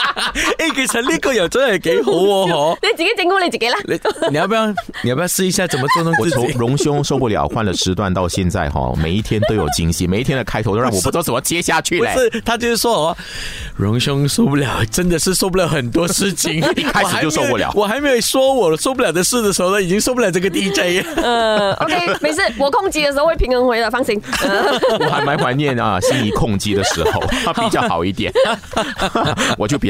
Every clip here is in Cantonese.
誒，其實呢個人真係幾好哦，你自己整好你自己啦。你要不要你要不要試一下怎麼做呢？我從榮兄受不了，換了時段到現在，哈，每一天都有驚喜，每一天的開頭都讓我不知道怎麼接下去不是，不是，他就是說、喔，榮兄受不了，真的是受不了很多事情， 一開始就受不了。我還沒有說我受不了的事的時候呢，都已經受不了這個 D J。嗯、uh,，OK，沒事，我控機的時候會平衡回來，放心。Uh, 我還蠻懷念啊，心儀控機的時候，他比較好一點， 我就比。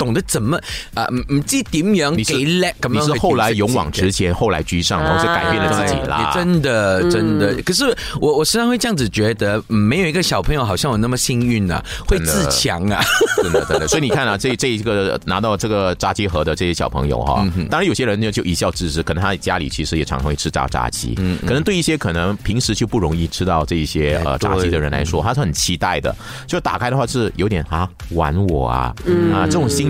懂得怎麼啊唔唔知點樣幾叻咁，你是後來勇往直前，後來居上，然後就改變了自己啦。真的真的，可是我我時常會這樣子覺得，沒有一個小朋友好像我那麼幸運啊，會自強啊，真的真的。所以你看啊，這這一個拿到這個炸雞盒的這些小朋友哈，當然有些人呢就一笑置之，可能他家裏其實也常常會吃炸炸雞，嗯，可能對一些可能平時就不容易吃到這一些呃炸雞的人來說，他是很期待的。就打開的話是有點啊玩我啊啊這種心。